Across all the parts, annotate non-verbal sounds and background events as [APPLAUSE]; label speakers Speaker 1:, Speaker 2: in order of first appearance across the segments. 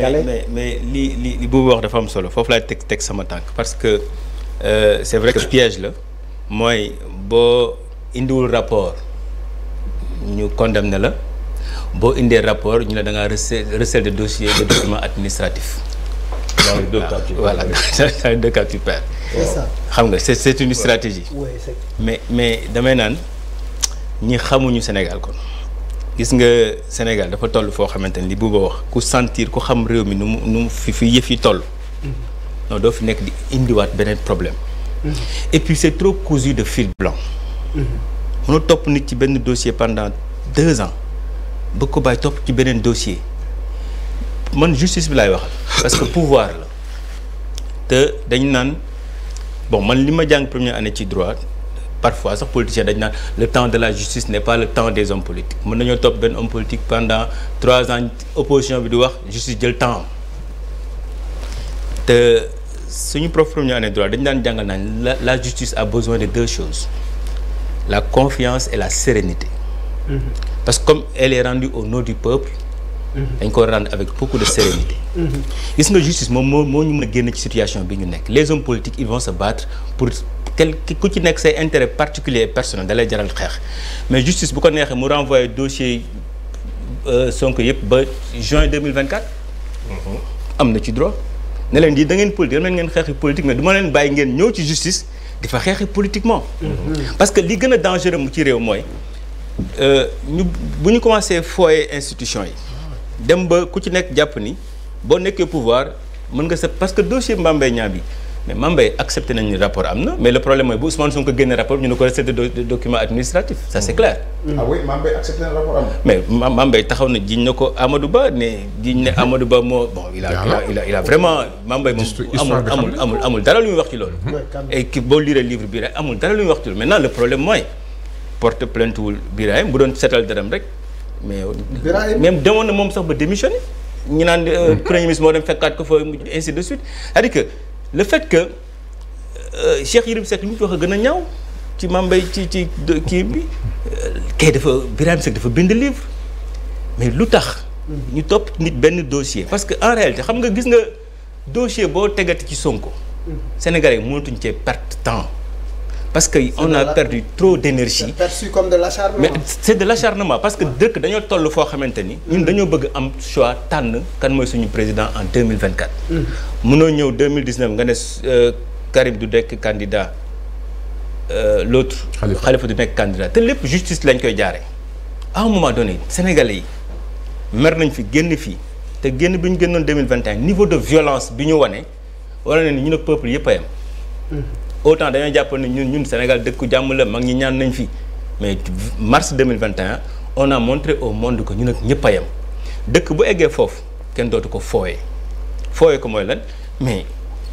Speaker 1: mais mais li li li wax dafa am solo foofu laay teg teg sama tànk parce que euh, c'est vrai que piège la mooy boo indiwul rapport ñu condamné la boo indee rapport ñu ne da ngaa recel de dossier de document administratif. dans les deux cas tu perds voilà [LAUGHS] xam nga c'est c'est une stratégie. mais mais damay naan ñi xamuñu Sénégal kon. gis nga Sénégal dafa toll foo xamante ni li bu ba wax ku sentir ku xam réew mi nu mu nu mu fi fi yëf yi toll. Mm-hmm. non doo fi nekk di indiwaat beneen problème. Mm-hmm. et puis c'est trop cousu de fil blanc. Mm-hmm. mënoo topp nit ci benn dossier pendant deux ans bëgg ko bàyyi topp ci beneen dossier man justice bi laay wax parce que pouvoir la te dañ naan bon man li ma jàng première année ci droit. parfois sax politicien dañ naan le temps de la justice n'est pas le temps des hommes politiques mën nañoo topp benn homme politique pendant trois ans opposition bi du wax justice jël temps te suñu prof ñu année droit dañ daan jàngal naan la la justice a besoin de deux choses la confiance et la sérénité. Mm-hmm. parce que comme elle est rendue au nom du peuple Mhm. dañ ko rendre avec beaucoup de sérénité. Mhm. gis nga justice moom moo moo ñu mën a génn ci situation bi ñu nekk les hommes politiques ils vont se battre pour quel ku ci nekk say intérêt particulier et personnel da lay jaral xeex mais justice bu ko neexee mu renvoyer dossier euh, Sonko yëpp ba juin 2024. Mhm. am na ci droit ne leen di da ngeen politique dama leen xeexi politique mais du ma leen bàyyi ngeen ñëw ci justice di fa xeexi politiquement. parce que li gën a dangereux mu ci réew mooy euh, ñu bu ñu commencé fooye institution yi. dem ba ku ci nekk jàpp ni boo nekkee pouvoir mën nga sa parce que dossier Mame Mbaye Niang bi mais Mame Mbaye accepté nañ ni rapport am na mais le problème mooy bu Ousmane Sonko génne rapport ñu ne ko recette de document administratif ça c'est mm. clair. Mm. Ah mais Mame Mbaye taxaw na jiñ na ko amadu Ba ne jiñ ne Amadou Ba moo bon il a il a a vraiment Mame Mbaye moom amul amul amul amul dara luy wax ci loolu et ki boo lire livre bi rek amul dara lu muy wax ci loolu maintenant le problème mooy porte wul Birahim bu doon seetal dërëm rek mais même demoon na moom sax ba démissionné ñi naan euh, [LAUGHS] premier ministre moo dem fekkaat ko fa ainsi de suite c'est-à-dire que le fait que euh, Cheikh Yérim Seck wax a gën a ñaw ci mambay ci ci kii bi euh, kay dafa Birahim Seck dafa bind livre mais lu tax mm-hmm. ñu topp nit benn dossier parce que en réalité xam nga gis nga dossier boo tegatee ci Sonko mm-hmm. Sénégalais yi mënatuñ cee perte temps parce que on a perdu trop d'énergie comme de l'acharnement mais c'est de parce que dëkk dañoo toll foo xamante ni ñun mm. dañoo bëgg am choix tànn kan mooy suñu président en 2024 mënoo mm. ñëw 2019 nga ne euh, Karim du nekk candidat euh, l'autre Khalifa du nekk candidat te lépp justice lañ koy jaare à un moment donné sénégalais yi mer nañ fi génn fii te génn bi ñu génnoon 2021 niveau de violence bi ñu wane wala ne ni ñu ne peuple yëpp a autant dañoo jàpp ne ñun ñun Sénégal dëkku jàmm la mag ñi ñaan nañ fi mais mars 2021 on a montré au monde que ñun ak ñëpp a yem dëkk bu eggee foofu kenn dootu ko fooyee fooyee ko mooy lan mais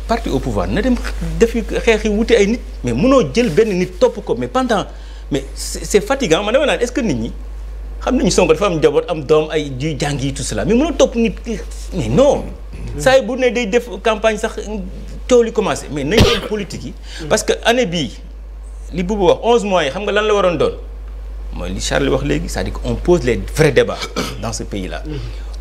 Speaker 1: parti au pouvoir na dem defi xeex yi wuti ay nit mais munoo jël benn nit topp ko mais pendant mais c'est fatigant man dama naan est-ce que nit ñi xam nañu Sonko dafa am njaboot am doom ay juy jàng yi tout cela mais munoo topp nit mais non saa yi bu campagne sax coow li commencé mais nañ doon politique yi. parce que année bi li boobu wax onze mois yi xam nga lan la waroon doon mooy li Charles wax léegi c'est-à-dire que on pose les vrais débats [COUGHS] dans ce pays là.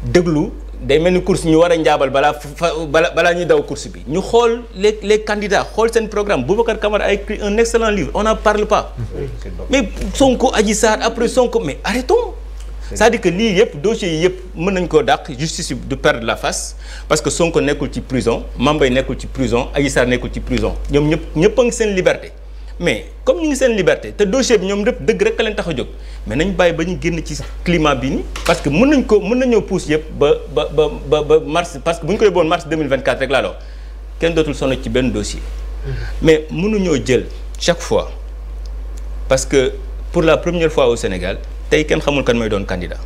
Speaker 1: déglu day mel ni course ñu war a njaabal balaa fa balaa balaa ñuy daw course bi ñu xool les les candidats xool seen programme Boubacar Camara a écrit un excellent livre on n'en parle pas. mais Sonko Adji Sarr après Sonko mais arrêtons. c'est-à-dire que lii yëpp dossiers yi yëpp mën nañ koo dàq justice du perdre la face parce que Sonko nekkul ci prison Mame Mbaye nekkul ci prison Adji Sarr nekkul ci prison ñoom ñëpp ñëpp a ngi seen liberté mais comme ñu ngi seen liberté te dossier bi ñoom lépp dëgg rek a leen tax a jóg mais nañ bàyyi ba ñu génn ci climat bi ni parce que mun nañ ko mun nañoo pousse yëpp ba ba ba ba ba mars parce que bu ñu ko yóbboon mars 2024 rek laa la wax kenn dootul sonn ci benn dossier mais mënuñoo jël chaque fois parce que pour la première fois au Sénégal tey kenn xamul kan mooy doon candidat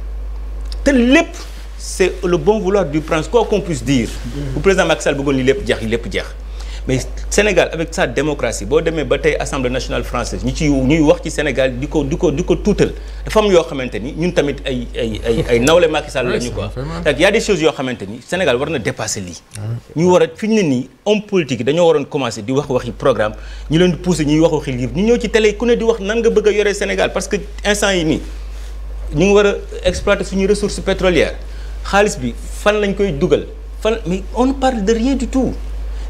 Speaker 1: te lépp c'est le bon vouloir du prince quoi qu'on puisse dire mm-hmm. bu président Macky bëggoon li lépp jeex li lépp jeex mais Sénégal avec sa démocratie boo demee ba tey assemblée nationale française ñu ci ñuy wax ci Sénégal di ko di ko di ko tuutal dafa yoo xamante ni ñun tamit ay nawle Macky Sall la ñu quoi donc y a des choses yoo xamante ni Sénégal war na dépasser lii ah ñu war a fi ñu ne nii homme politique dañoo waroon commencer di wax waxi wax waxi nga bëgg a yoree Sénégal que instant yi nii ñu ngi war a exploiter suñuy ressources pétrolières xaalis bi fan lañ koy dugal fan mais on parle de rien du tout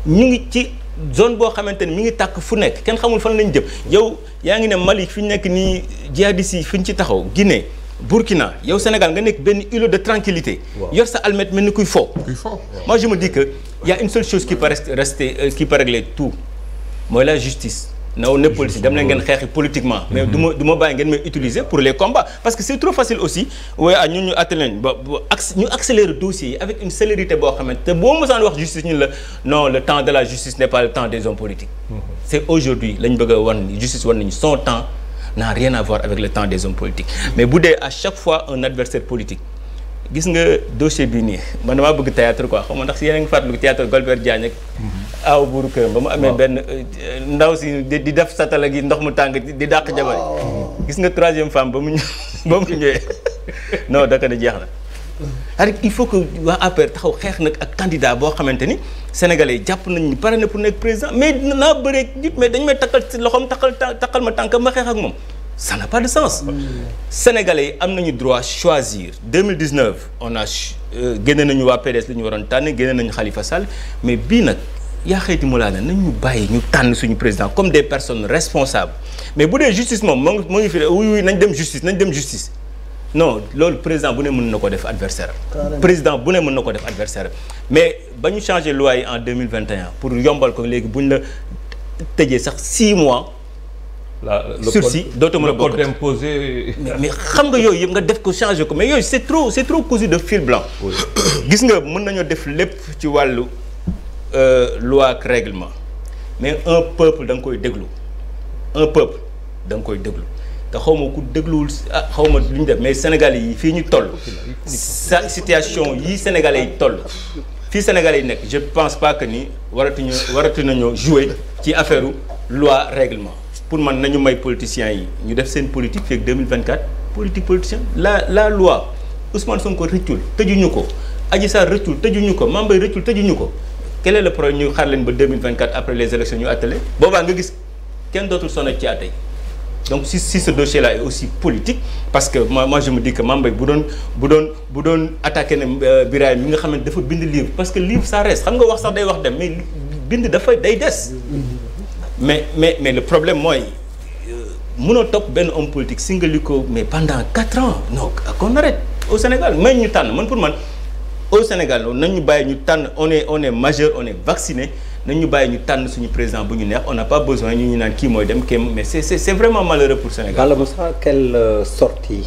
Speaker 1: ñu ngi ci zone boo xamante ni mi ngi tàkk fu nekk kenn xamul fan lañ jëm yow yaa ngi ne Mali fi ñu nekk nii jihadistes yi fi ñu ci taxaw Guinée Burkina yow Sénégal nga nekk benn îlot de tranquillité yor sa almet mel ni kuy foo moi je me dis a une seule chose qui peut rester euh, qui peut régler tout mooy la justice naw ne politique dem na ngeen xeexi politiquement mais du ma du bàyyi ngeen may utiliser pour les combats parce que c' trop facile aussi waaye ah ñu attelé nañ ba ñu accélérer dossier yi avec une célérité boo xamante te boo mosaan wax justice ñun la non le temps de la justice n' pas le temps des hommes politiques mm-hmm. c' aujourd'hui lañ bëgg a wan justice wan nañu son temps n'a rien à avec le temps des hommes politiques mais bu dee à chaque fois un adversaire a aw buuru këram ba mu amee benn euh, ndaw si di def satala gi ndox mu tàng di dàq jabar gis nga troisième femme ba mu ñëw [LAUGHS] ba mu [LAUGHS] ñëwee non daka ne jeex na xarit il faut que waa APR taxaw xeex nag ak candidat boo xamante ni sénégalais yi jàpp nañ ni pare pour nekk président mais naa bëree nit mais dañu may takkal si loxoom takkal takkal ma tànkam ma xeex ak moom ça n'a pas de sens mm. sénégalais am nañu droit choisir 2019 on a euh, génne nañu waa PDS li ñu waroon tànn génne nañu xalifa Sall mais bii nag yaa xayti mu laa ne nañ ñu bàyyi ñu tànn suñu président comme des personne responsables mais bu dee justice moom moo ngi moo ngi fi oui oui nañ dem justice nañ dem justice non loolu président bu ne mën na ko def adversaire président bu ne mën na ko def adversaire mais ba ñu changé loi yi en 2021 pour yombal ko léegi bu ñu la tëjee sax 6 mois sursis dootoo mën a bokk imposé mais xam nga yooyu yëpp nga def ko changé ko mais yooyu c'est trop c'est trop de fil blanc gis nga mën nañoo def lépp ci wàllu Euh, loi ak règlement mais un peuple da nga koy déglu un peuple da nga koy déglu te xaw ma ku dégluwul ah xaw ma lu ñu def mais sénégal yi fii ñu toll sa situation yii sénégal yi toll fii Sénégalais yi nekk je pense pas que ni waratuñu waratu nañoo jouer ci affaire loi règlement pour man nañu may politiciens yi ñu def seen politique fii ak 2024 politique politicien la la loi Ousmane Sonko rëccul tëjuñu ko Adji Sarr rëccul tëjuñu ko Mame Mbaye rëccul tëjuñu ko quel est le problème ñu xaar leen ba 2024 après les élections ñu attelé boobaa nga gis kenn dootul sonal ci atay donc si si ce dossier là est aussi politique parce que moi moi je me dis que Mame Mbaye bu doon bu doon bu doon attaqué na euh, Birahim mi nga xam ne dafa bind livre parce que livre ça reste xam nga wax sax day wax dem mais bind dafa day des mais mais mais le problème mooy euh, mënoo topp benn homme politique singali ko mais pendant quatre ans non qu'on arrête au Sénégal may ñu tànn man pour man au Sénégal noonu nañ ñu bàyyi ñu tànn on est on est majeur on est vacciné nañ ñu bàyyi ñu tànn suñu président bu ñu neex on n'a pas besoin ñu ñu naan kii mooy dem kii mais c'est c'est c'est vraiment malheureux pour Sénégal. Bala Moussa euh,